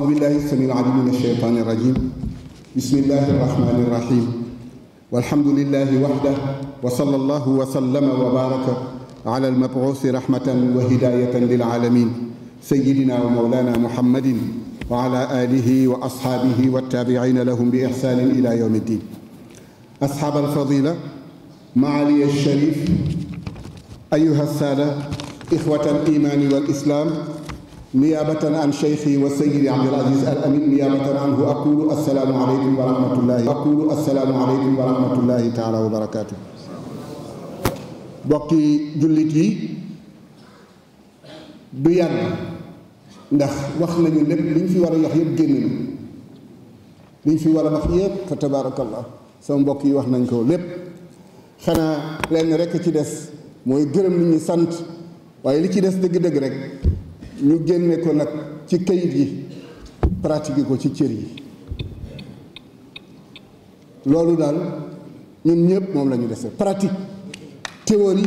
أعوذ بالله السميع العليم من الشيطان الرجيم بسم الله الرحمن الرحيم والحمد لله وحده وصلى الله وسلم وبارك على المبعوث رحمة وهداية للعالمين سيدنا ومولانا محمد وعلى آله وأصحابه والتابعين لهم بإحسان إلى يوم الدين أصحاب الفضيلة معالي الشريف أيها السادة إخوة الإيمان والإسلام niyaabatan an cheikhi wa sayyidi Abdul Aziz Al Amin niyaabatan anhu aqulu assalaamu aleykum wa rahmatullahi aqulu assalaamu aleykum wa rahmatullahi taala wa barakaatu bokki jullit yi yàgg ndax wax nañu lépp liñ fi war a wax yëpp génn na fi war a wax yëpp fa tabaarakallah sama mbokk yi wax nañ ko lépp xanaa lenn rekk ci des mooy gërëm li sant waaye li ci des dëgg-dëgg rekk ñu génne ko nag ci kayit yi pratiquer ko ci cër yi loolu daal ñun ñëpp moom la ñu dese pratique théorie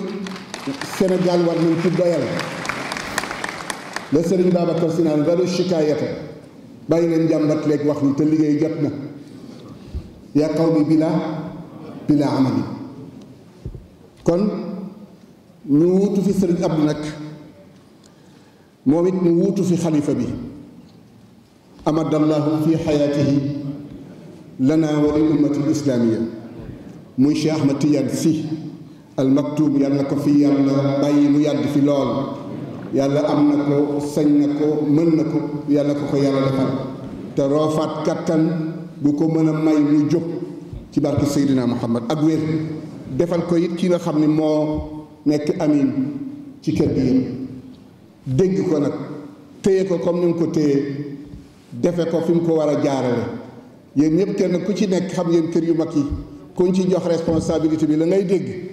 Sénégal war nañ ci doyal la Serigne Babacar Sy naan balu shikaayata bàyyi leen jàmbat léegi wax ni te liggéey jot na yaa xaw bi bila bila amali kon ñu wutu fi Serigne Abdou nag moom it mu wuutu fi xalifa bi amadallahu fi xayaatihi lana wa lil ummati l muy Cheikh ma Tidiane Sy al maktuum yàlla na ko fi yàlla bàyyi mu yàgg fi lool yàlla am na ko sañ na ko mën na ko yàlla ko ko yàlla defal te roofaat kattan bu ko mën may mu jóg ci barke Seydina Muhammad ak wér defal ko it ki nga xam ni moo nekk amin ci kër gi yëpp dégg ko nag téye ko comme ni mu ko téye defe ko fi mu ko war a jaarale yéen ñëpp kenn ku ci nekk xam ngeen kër yu mag yi kuñ ci jox responsabilité bi la ngay dégg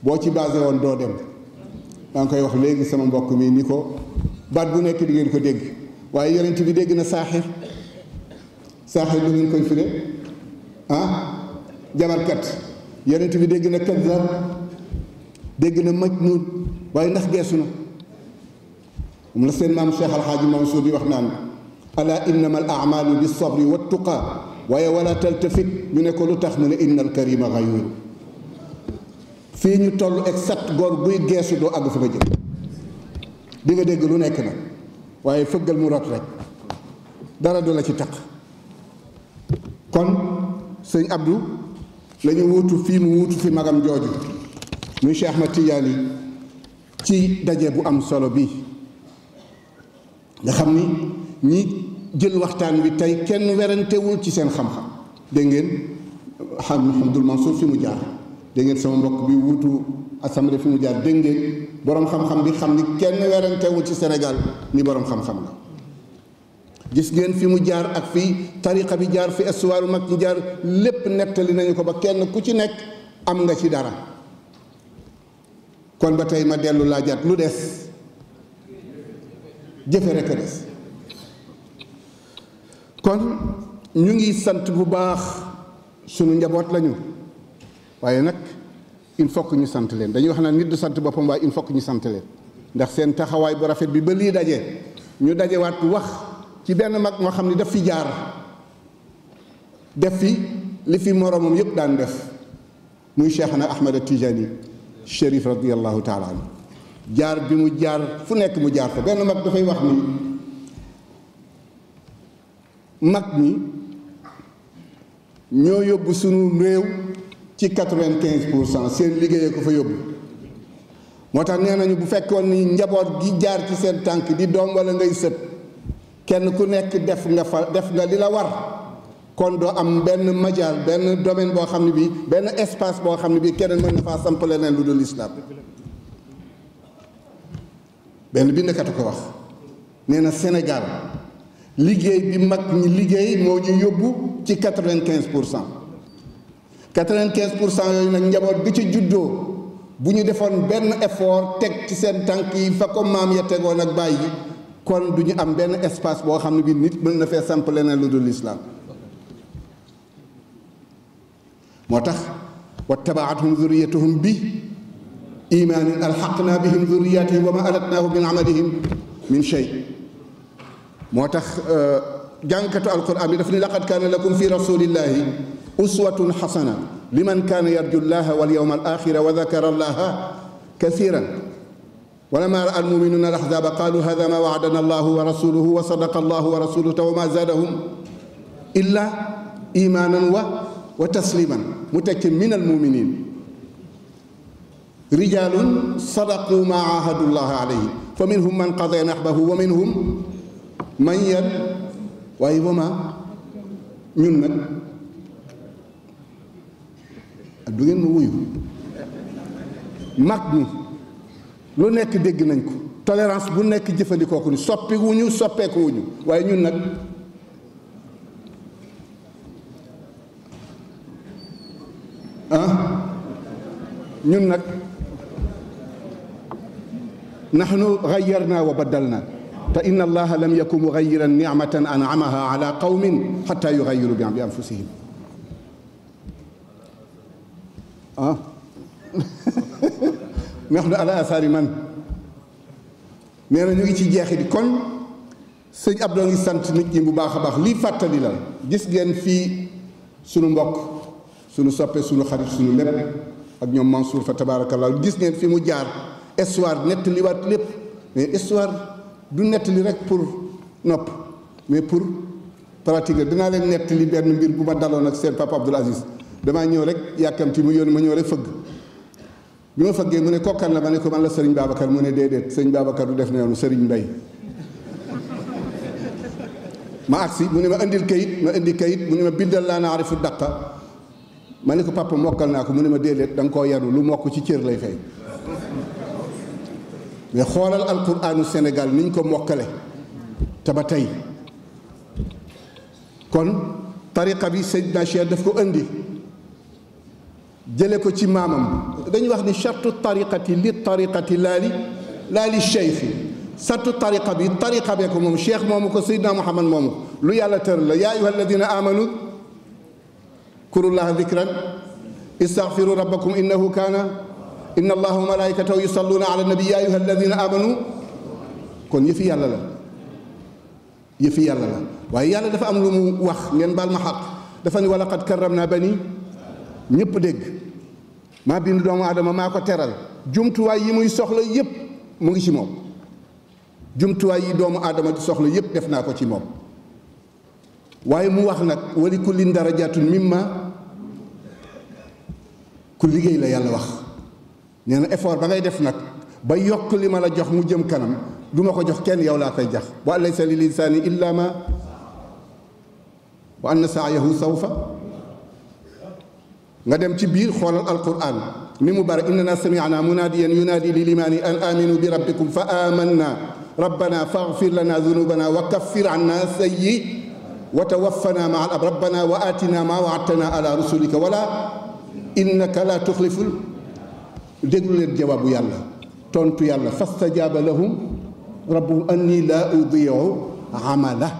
boo ci basé woon doo dem maa ngi koy wax léegi sama mbokk mii ni ko baat bu nekk di ngeen ko dégg waaye yonent bi dégg na saaxir saaxir lu ngeen koy firee ah jabarkat yonent bi dégg na kaddaab dégg na majnuun waaye ndax geesu na moom la seen maam Cheikh Alxaaji Mansour di wax naan ala innama al amalu bi sabri wa tuqa waaye wala taltafit ñu ne ko lu tax mu ne inna al karima gayur fii ñu toll ak sat góor buy geesu doo àgg fa nga jëm di nga dégg lu nekk na waaye fëggal mu rot rek dara du la ci taq kon sëñ Abdou lañu ñu wuutu fii mu wuutu fi magam jooju muy Cheikh Ahmad Tidiane ci daje bu am solo bi nga xam ni ñi jël waxtaan wi tey kenn werantewul ci seen xam-xam dégg ngeen xam du Mouhamadul suuf fi mu jaar dégg sama mbokk bi wutu assemblée fi mu jaar dégg ngeen borom xam-xam bi xam ni kenn werantewul ci senegal ni boroom xam-xam la gis ngeen fi mu jaar ak fii tariqa bi jaar fi estuwaaru mag ñi jaar lépp nettali nañu ko ba kenn ku ci nekk am nga ci dara kon ba tey ma dellu laa laajaat lu des jëfe rek kon ñu ngi sant bu baax suñu njaboot lañu waaye nag il faut ñu sant leen dañuy wax naan nit du sant boppam waaye il faut ñu sant leen ndax seen taxawaay bu rafet bi ba lii daje ñu dajewaat wax ci benn mag moo xam ne daf fi jaar def fi li fi moromam yëpp daan def muy na Ahmada Tijani Chérif radiyallahu taala anhu jaar bi mu jaar fu nekk mu jaar fa benn mag dafay wax ni mag ñi ñoo yóbbu sunu réew ci quatre-vingt-quinze pour cent seen liggéeyee ko fa yóbbu moo tax nee nañu bu fekkoon ni njaboot gi jaar ci seen tànk di doom wala ngay sët kenn ku nekk def nga fa def nga li la war kon doo am benn majaal benn domaine boo xam ne bi benn espace boo xam ne bi keneen mën na faa samp leneen lu dul islam benn bindkat ko wax nee na Sénégal liggéey bi mag ñi liggéey moo ñu yóbbu ci quatre-vingt-quinze pour cent quatre-vingt-quinze pour cent yooyu nag njaboot bi ci juddoo bu ñu defoon benn effort teg ci seen tànk yi fa ko maam ya tegoon ak bàyyi yi kon du ñu am benn espace boo xam ne bi nit mën na fee samp leneen lu dul lislaam moo tax wa tabaatuhum zuriyatuhum bi imaanin alxaqnaa bihim zurriyatihim wa ma alatnaahu min amalihim min shay moo tax jànkatu alquran bi daf ni laqad kaana lakum fi rasulillahi uswatun xasana liman kaana yarju llaha wal yawma al axira wa dakara allaha kasiran ولما رأى المؤمنون الأحزاب قالوا هذا ما وعدنا الله ورسوله وصدق الله ورسوله وما زادهم إلا إيمانا وتسليما متك من المؤمنين rijalun sadaqu ma ahadullaha alayhi fa minhum man qada nahbahu waaye wama ñun nag du ngeen ma wuyu mag mi lu nekk dégg nañ ko tolérance bu nekk jëfandikooku ko ni soppi wuñu soppeeku wuñu waaye ñun nag ah ñun nag nahnu gayyarna wa baddalna te inna allaha lam yakun mugayiran nicmatan anamaha ala qawmin xata yugayiru bi anfusihim ah nahnu ala asaari man nee na ñu ngi ci jeexi kon sëñ Abdou ngi sant nit ñi bu baax a baax lii fàttali la gis ngeen fii sunu mbokk sunu soppe sunu xarit sunu lépp ak ñoom Mansour fa tabaarakallaa gis geen fii mu jaar histoire nettaliwaat lépp mais histoire du nettali rek pour nopp mais pour pratiquer dinaa leen nettali benn mbir bu ma daloon ak seen papa Abdoul Aziz damaa ñëw rek yàkkamti mu yónni ma ñëw rek fëgg bi ma fëggee mu ne kokkan la ma ne ko man la Serigne Babacar mu ne déedéet Serigne Babacar def na yoonu Serigne Mbaye ma agsi ne ma indil kayit ma indi kayit mu ne ma bindal laa naa arifu daqa ma ne ko papa mokkal naa ko mu ne ma déedéet da nga koo yaru lu mokk ci cër lay fay mais xoolal alquraanu Sénégal niñ ko mokkale te ba tey kon tariqa bi Seydina Cheikh daf ko indi jële ko ci maamam dañuy wax ni chartu tariqati li tariqati laali laali cheikhi sartu tariqa bi tariqa bee ko moom cheikh moomu ko Seydina Muhammad moomu lu yàlla tër la yaa ayuha alladina amanu kurullaha dikran istaghfiru rabbakum innahu kaana inna allaha wa malaikatahu yusalluna ala nabi ya ayuha alladina amanu kon yëfi yàlla la yëfi yàlla la waaye yàlla dafa am lu mu wax ngeen baal ma xaq dafa ni walaqad karramna bani ñëpp dégg maa bind doomu aadama maa ko teral jumtuwaay yi muy soxla yëpp mu ngi ci moom jumtuwaay yi doomu aadama soxla yëpp def naa ko ci moom waaye mu wax nag wali kullin darajatun mimma ku liggéey la yàlla wax nee na effort ba ngay def nag ba yokk li ma la jox mu jëm kanam du ma ko jox kenn yow laa koy jax wa laysa li lisaani illa ma wa anna saayahu sawfa nga dem ci biir xoolal alquran ni mu bare innana sami'na munaadiyan yunaadi lil imaani an aminu bi rabbikum fa amanna rabbana faghfir lana dhunubana wa kaffir anna sayyi wa tawaffana ma'a al abrar rabbana wa atina ma wa'adtana ala rusulika wala innaka la tukhliful déglu leen jawaabu yàlla tontu yàlla fastajaaba lahum rabbuhum anni laa udiiu amala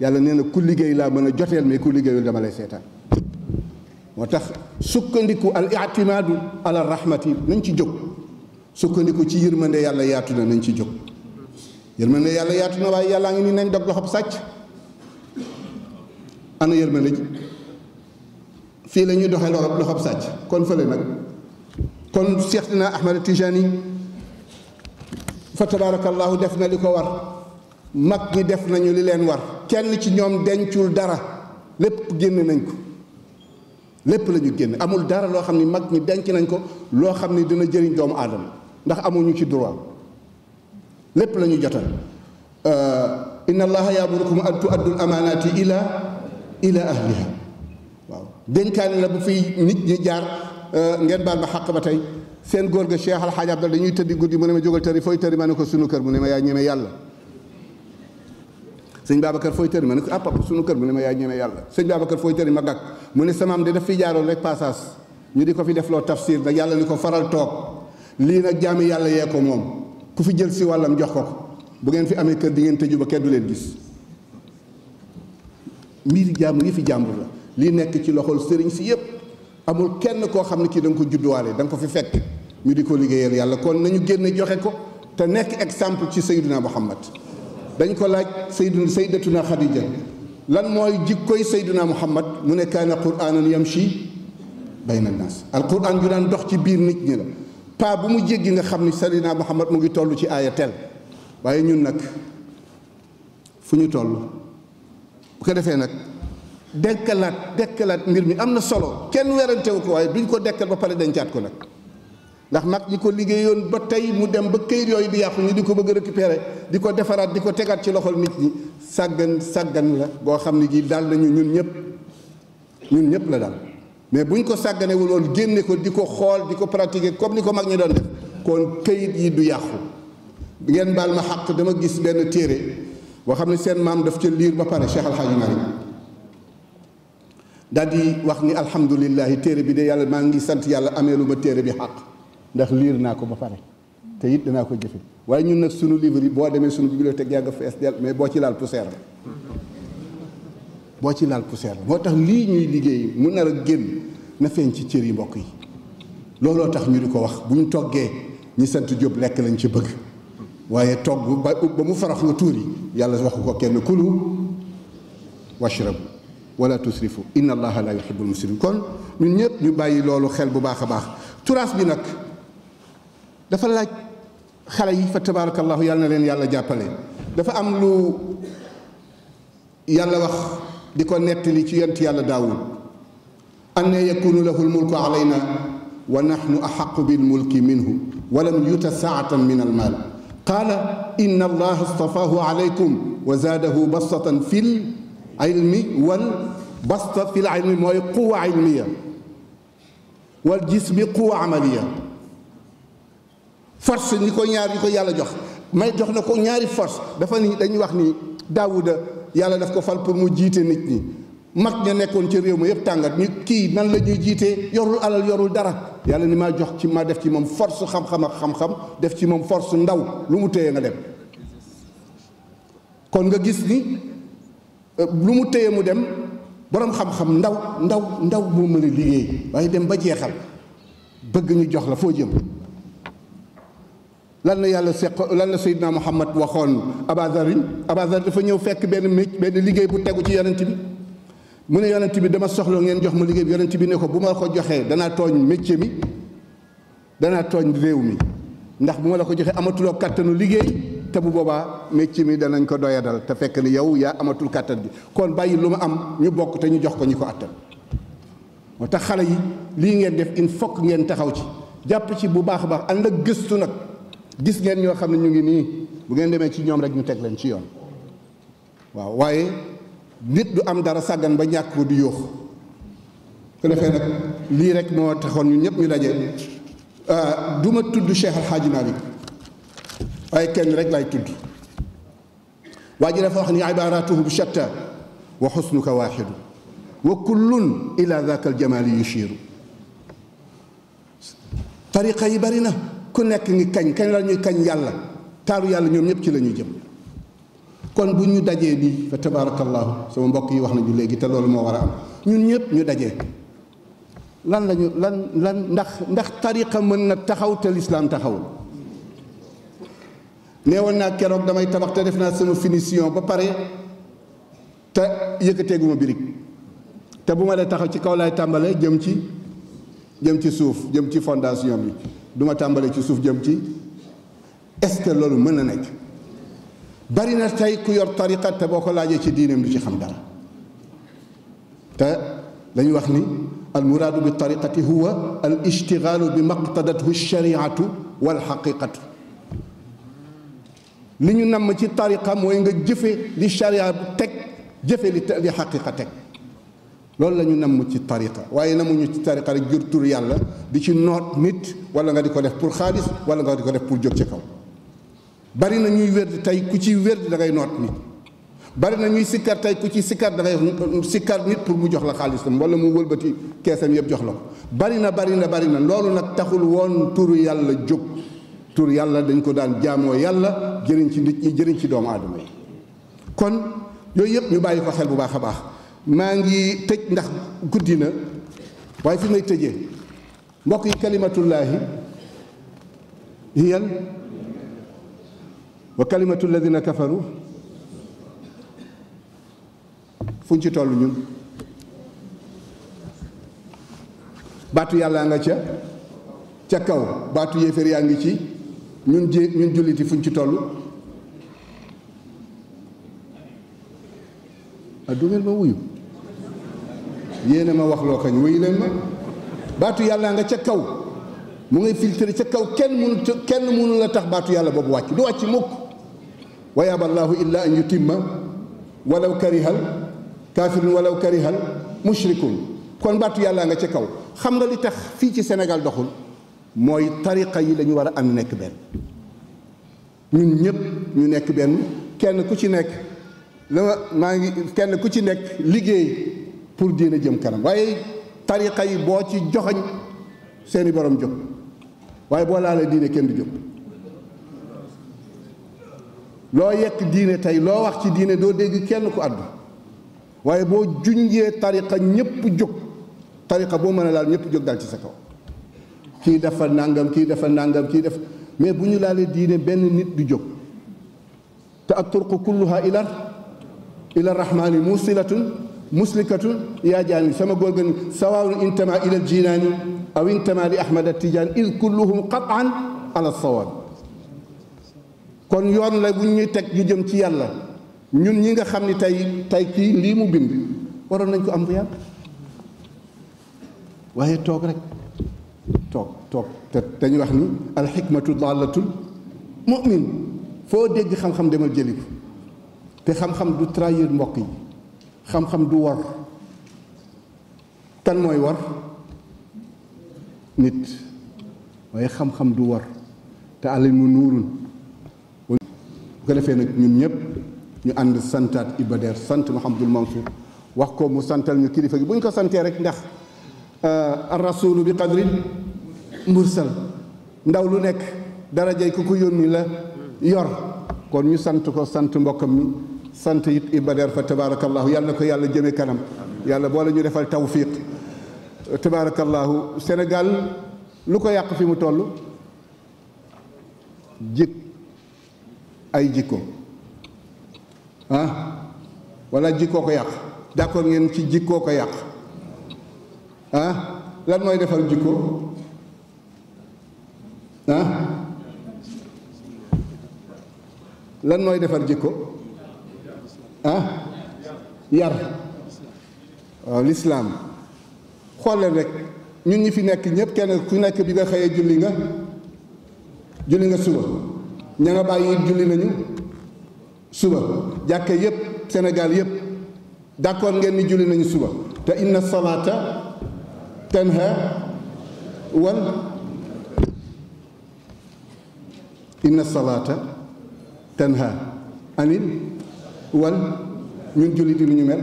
yàlla nee na ku liggéey laa mën a joteel mais ku liggéeyul dama lay seetaan moo tax sukkandiku al itimaadu ala rahmati nañ ci jóg sukkandiku ci yërmande yàlla yaatu na nañ ci jóg yërmande yàlla yaatu na waaye yàllaa ngi nii nañ loxo loxob sàcc ana yërmande ji fii lañuy ñuy doxee loxob sàcc kon fële nag kon Seexna Ahmad Tijaani fa tabaarakallaahu def na li ko war mag ñi def nañu li leen war kenn ci ñoom dencul dara lépp génne nañ ko lépp lañu génn amul dara loo xam ni mag ñi denc nañ ko loo xam ni dina jëriñ doomu aadama ndax amuñu ci droit lépp la ñu jotal euh, inna allaha yaamurukum an tuaddu l amaanaati ila ila ahliha waaw dénkaane la bu fiy nit ñi jaar Euh, ngeen baal ma xàq ba tey seen góor ga Cheikh Al Hadj Abdal dañuy tëddi guddi mu ne ma jógal tëri fooy tëri ma ne ko sunu kër mu ne ma yaa ñeme yàlla sëñ Babacar fooy tëri ma ne ko ah kër mu ne ma yaa ñeme yàlla sëñ Babacar fooy tëri ma gàkk mu ne samaam di daf fi jaaroon rek passage ñu di ko fi defloo tafsir nag yàlla ni ko faral toog lii nag jaami yàlla yee ko moom ku fi jël si wàllam jox ko ko bu ngeen fi amee kër di ngeen tëju ba kenn du leen gis mbir jàmbur yi fi jàmbur la lii nekk ci loxol sëriñ si yëpp amul kenn koo xam ne kii da ko judduwaale da ko fi fekk ñu di ko liggéeyal yàlla kon nañu génne joxe ko te nekk exemple ci sayduna muhammad dañ ko laaj saydu saydatuna xadija lan mooy jikkoy sayduna muhammad mu ne kaana quraanan yamshi bayna naas alquran ju daan dox ci biir nit ñi la pa bu mu jéggi nga xam ni sayduna muhammad mu ngi tollu ci aaya tel waaye ñun nag fu ñu toll bu ko defee nag dekkalaat dekkalaat mbir mi am na solo kenn werantewu ko waaye duñ ko dekkal ba pare dencaat ko nag ndax mag ñi ko liggéeyoon ba tey mu dem ba këyit yooyu di yàqu ñu di ko bëgg a récupérer di ko defaraat di ko tegaat ci loxol nit ñi sàggan sàggan la boo xam ne gii daal nañu ñun ñëpp ñun ñëpp la daal mais buñ ko sàgganewul woon génne ko di ko xool di ko pratiquer comme ni ko mag ñi doon def kon këyit yi du yàqu ngeen baal ma xàq dama gis benn téere boo xam ne seen maam daf ca liir ba pare Cheikh Al Hadj daal di wax ni alhamdulilahi téere bi de yàlla maa ngi sant yàlla ameelu ma téere bi xàq ndax liir naa ko ba pare te it danaa ko jëfe waaye ñun nag sunu livre yi boo demee sunu bibliothèque yaa nga fees dell mais boo ci laal poussière la boo ci laal poussière la moo tax lii ñuy liggéey mu nar a génn na feeñ ci cër yi mbokk yi looloo tax ñu di ko wax bu ñu toggee ñu sant Jóob lekk lañ ci bëgg waaye togg ba ba mu farax nga tuur yi yàlla waxu ko kenn kulu washrab wala tusrifu inna allaha la yuhibbul musrifin kon ñun ñëpp ñu bàyyi loolu xel bu baax a baax turaas bi nag dafa laaj xale yi fa tabarakallahu yàlla na leen yàlla jàppale dafa am lu yàlla wax di ko nettali ci yent yàlla daawud anna yakunu lahu lmulku alayna wa nahnu axaqu bilmulki minhu walam yuta saatan min almaal qaala inna allaha astafaahu alaykum wa zaadahu bastatan fil ilmi wal basta fil ilmi mooy mi ilmiya wal jismi quwa amaliya force ni ko ñaar yi ko yàlla jox may jox na ko ñaari force dafa ni dañuy wax ni daawuda yàlla daf ko fal pour mu jiite nit ñi mag ña nekkoon ci réew mi yëpp tàngat ñu kii nan la jiite jiitee yorul alal yorul dara yàlla ni maa jox ci ma def ci moom force xam-xam ak xam-xam def ci moom force ndaw lu mu téye nga dem kon nga gis ni lu mu téye mu dem boroom xam-xam ndaw ndaw ndaw moo mën a liggéey waaye dem ba jeexal bëgg ñu jox la foo jëm lan na yàlla seq lan la Seydina Muhammad waxoon Abazarine Abazar dafa ñëw fekk benn mécc benn liggéey bu tegu ci yonent bi mu ne yonent bi dama soxla ngeen jox ma liggéey bi yonent bi ne ko bu ma ko joxee danaa tooñ métier mi danaa tooñ réew mi ndax bu ma la ko joxee amatuloo kàttanu liggéey te bu boobaa métier mi danañ ko doyadal te fekk ni yow yaa amatul kàttan bi kon bàyyi lu ma am ñu bokk te ñu jox ko ñu ko àttan moo tax xale yi lii ngeen def il faut ngeen taxaw ci jàpp ci bu baax a baax ànd ak gëstu nag gis ngeen ñoo xam ne ñu ngi nii bu ngeen demee ci ñoom rek ñu teg leen ci yoon waaw waaye nit du am dara sàggan ba ñàkk ko di yóox ku defee nag lii rek moo taxoon ñun ñëpp ñu daje euh, du ma tudd Cheikh Al Hadj waaye kenn rek lay tudd waa ji dafa wax ni ibaratuhu bi shatta wa xusnuka waaxidu wa kullun ila daka aljamali yushiru tariqa yi bari na ku nekk ngi kañ kañ la kañ yàlla taalu yàlla ñoom ñëpp ci lañuy ñuy jëm kon bu ñu dajee bi fa tabarakallahu sama mbokk yi wax nañu léegi te loolu moo war a am ñun ñëpp ñu dajee lan lañu lan lan ndax ndax tariqa mën na taxaw te lislaam taxawul neewoon naa keroog damay tabax te def naa sama finition ba pare te yëkkateeguma birig te bu ma dee taxaw ci kaw laay tàmbale jëm ci jëm ci suuf jëm ci fondation bi du ma tàmbale ci suuf jëm ci est-ce que loolu mën na nekk bari na tey ku yor tariqa te boo ko laajee ci diineem du ci xam dara te dañu wax ni al muraadu bi tariqati huwa al ishtigaalu bi maqtadathu shariatu wal xaqiqatu li ñu namm ci tariqa mooy nga jëfe li charia teg jëfe li li xaqiqa teg loolu lañu ñu namm ci tariqa waaye namuñu ci tariqa rek jur tur yàlla di ci noot nit wala nga di ko def pour xaalis wala nga di ko def pour jóg ci kaw bari na ñuy wérd tey ku ci wérd da ngay noot bari na ñuy sikkar tey ku ci sikkar da ngay sikkar pour mu jox la xaalisam wala mu wëlbati keesam yëpp jox la ko bari na bari na bari na loolu nag taxul woon turu yàlla jóg tur yàlla dañ ko daan jaamoo yàlla jëriñ ci nit ñi jëriñ ci doomu aadama yi kon yooyu yëpp ñu bàyyi ko xel bu baax a baax maa ngi tëj ndax guddi na waaye fi may tëjee mbokk yi kalimatullaahi hiyan wa kalimatu alladina kafaru fu ñu ci toll ñun baatu yàllaa nga ca ca kaw baatu yéeféer yaa ngi ci ñun ji ñun julliti fuñ ci toll ah du ngeen ma wuyu yéena ma wax loo kañ wuyu leen ma baatu yàlla nga ca kaw mu ngay filtré ca kaw kenn mënu kenn mënu la tax baatu yàlla boobu wàcc du wàcc mukk wa yaaba allaahu illa an yutimma walaw karihal kaafirun walaw karihal mushrikun kon baatu yàlla nga ca kaw xam nga li tax fii ci senegal doxul mooy tariqa yi lañu war a ànd nekk benn ñun ñépp ñu nekk benn kenn ku ci nekk la maa ngi kenn ku ci nekk liggéey pour diine jëm kanam waaye tariqa yi boo ci joxoñ seeni borom jóg waaye boo laalee diine kenn du jóg loo yekk diine tey loo wax ci diine doo dégg kenn ku àddu waaye boo junjee tariqa ñëpp jóg tariqa boo mën a laal ñëpp jóg dal ci sa kaw kii dafa nangam kii dafa nangam kii def mais bu ñu laalee diine benn nit du jóg te ak turqu kulluha ila ila rahmaani musilatun muslikatun yaa jaani sama góor gën sawaawun intama ila jinaani aw intama li ahmad atijaan il kulluhum qataan ala sawaab kon yoon la bu ñuy teg ju jëm ci yàlla ñun ñi nga xam ni tey tey kii lii mu bind waroon nañ ko am bu yàgg waaye toog rek toog toog te dañuy wax ni alxikmatu daalatul mu'min foo dégg xam-xam demal jëli ko te xam-xam du trahir mbokk yi xam-xam du war kan mooy war nit waaye xam-xam du war te àll mu nuurun bu ko defee nag ñun ñëpp ñu ànd santaat ibadeer sant Mouhamadul Mansour wax ko mu santal ñu kilifa gi bu ñu ko santee rek ndax euh, ar bi qadri mursal ndaw lu nekk darajay ku ko yónni la yor kon ñu sant ko sant mbokkam mi sant it Iba Der fa tabarakallahu yàlla na ko yàlla jëme kanam yàlla boole ñu defal tawfiq tabarakallahu senegal lu ko yàq fi mu toll jik ay jikko walla ah, wala jikkoo ko yàq d'accord ngeen ci jikkoo ko yàq ah lan mooy defal jikko lan mooy defar jikko ah yar waaw lislaam xool rek ñun ñi fi nekk ñëpp kenn ku nekk bi nga xëyee julli nga julli nga suba ña nga bàyyi julli nañu suba jàkke yépp senegal yépp d'accord ngeen ni julli nañu suba te inna salaata tanha wal inna salaata tanha anil wal ñun julli di lu ñu mel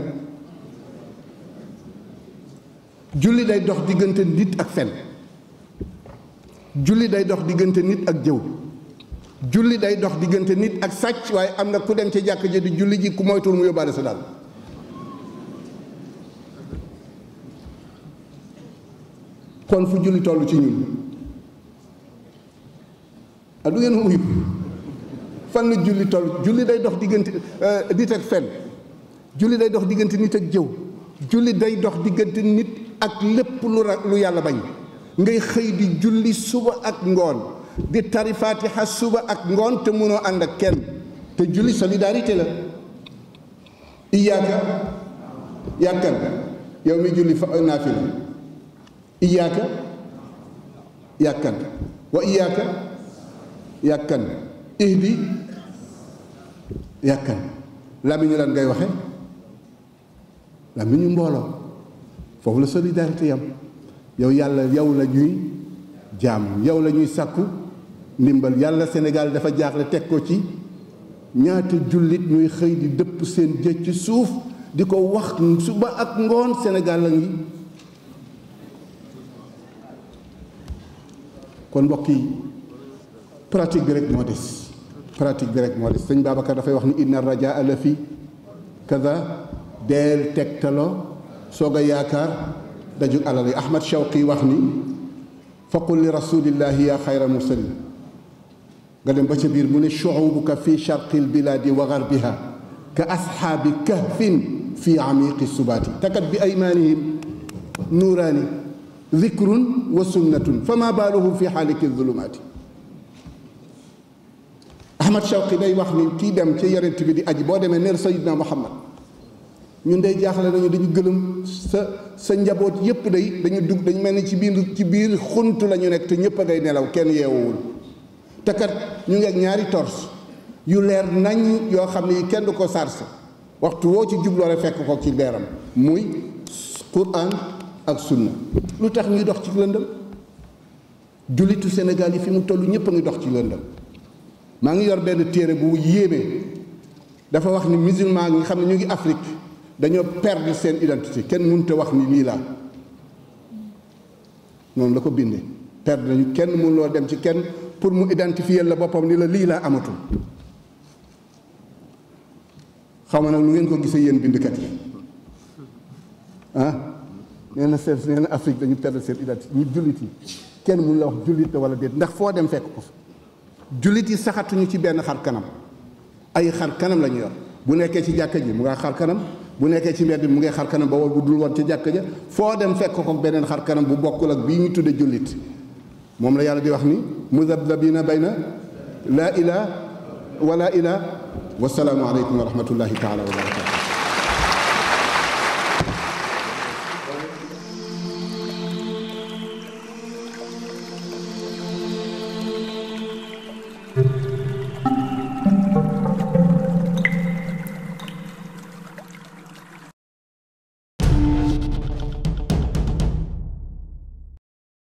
julli day dox diggante nit ak fen julli day dox diggante nit ak jëw julli day dox diggante nit ak sàcc waaye am na ku dem ca jàkk ji di julli ji ku moytuwul mu yóbbaale sa daal kon fu julli toll ci ñun ah du ngeen uyu fan la julli toll julli day dox diggante euh, nit ak fen julli day dox diggante nit ak jëw julli day dox diggante nit ak lépp lu yàlla bañ ngay xëy di julli suba ak ngoon di tari faatiha suba ak ngoon te mënoo ànd ak kenn te julli solidarité la iyaaka yàkkan yow mi julli fa euh, naafila iyaaka yàkkan wa iyaaka yàkkan ihdi yàkkan làmmiñu lan ngay waxe làmmiñu mbooloo foofu la solidaritéyam yam yow yàlla yow la ñuy jaam yow la ñuy sàkku ndimbal yàlla senegaal dafa jaaxle teg ko ci ñaata jullit ñuy xëy di dëpp seen jëj ci suuf di ko wax suba ak ngoon Sénégal la kon mbokk yi pratique bi rek moo des pratique bi rek moo des sëñ Babacar dafay wax ni inna rajaa la fi kaza deel tegtaloo soog a yaakaar dajug alal yi Ahmad Shawqi wax ni faqul li rasulillahi yaa xayra mursalin nga dem ba ca biir mu ne shuubuka fi charqil bilaadi wa garbiha ka asxaabi kahfin fi amiqi subaati takat bi aymaanihim nuuraani zikrun wa sunnatun fa maa baaluhum fi xaaliki zulumaati ahmad shawqi day wax ni kii dem ci yonent bi di aji boo demee neel sayidna muhammad ñun day jaaxle nañu dañu gëlëm sa sa njaboot yépp day dañu dugg dañu mel ni ci biir ci biir xunt la ñu nekk a ngay nelaw kenn yeewuwul te ñu ngi ñaari tors yu leer nañ yoo xam ne kenn du ko sarse waxtu woo ci jubloore fekk ko ci leeram muy quran ak sunna lu tax ñuy dox ci lëndëm jullitu Sénégal yi fi mu toll ñépp a ngi dox ci lëndëm maa ngi yor benn téere bu yéeme dafa wax ni musulman yi xam ne ñu ngi Afrique dañoo perdre seen identité kenn mënut wax ni lii laa noonu la ko bindee perdre nañu kenn loo dem ci kenn pour mu identifier la boppam ni la lii laa amatul xaw ma nag lu ngeen ko gisee yéen bindkat yi ah na seen nee na Afrique dañu perdre seen identité ñu jullit yi kenn mun la wax jullit la wala déet ndax foo dem fekk ko jullit yi saxatuñu ci benn xar kanam ay xar kanam la ñu yor bu nekkee ci jàkka ji mu nga xar kanam bu nekkee ci mbedd bi mu ngay xar kanam ba wol bu dul woon ca jàkk ja foo dem fekk ko beneen xar kanam bu bokkul ak bii ñu tudde jullit moom la yàlla di wax ni mudabdabina bayna laa ilaa wa laa ilaa wasalaamu aleykum wa rahmatullahi taala wa barakatu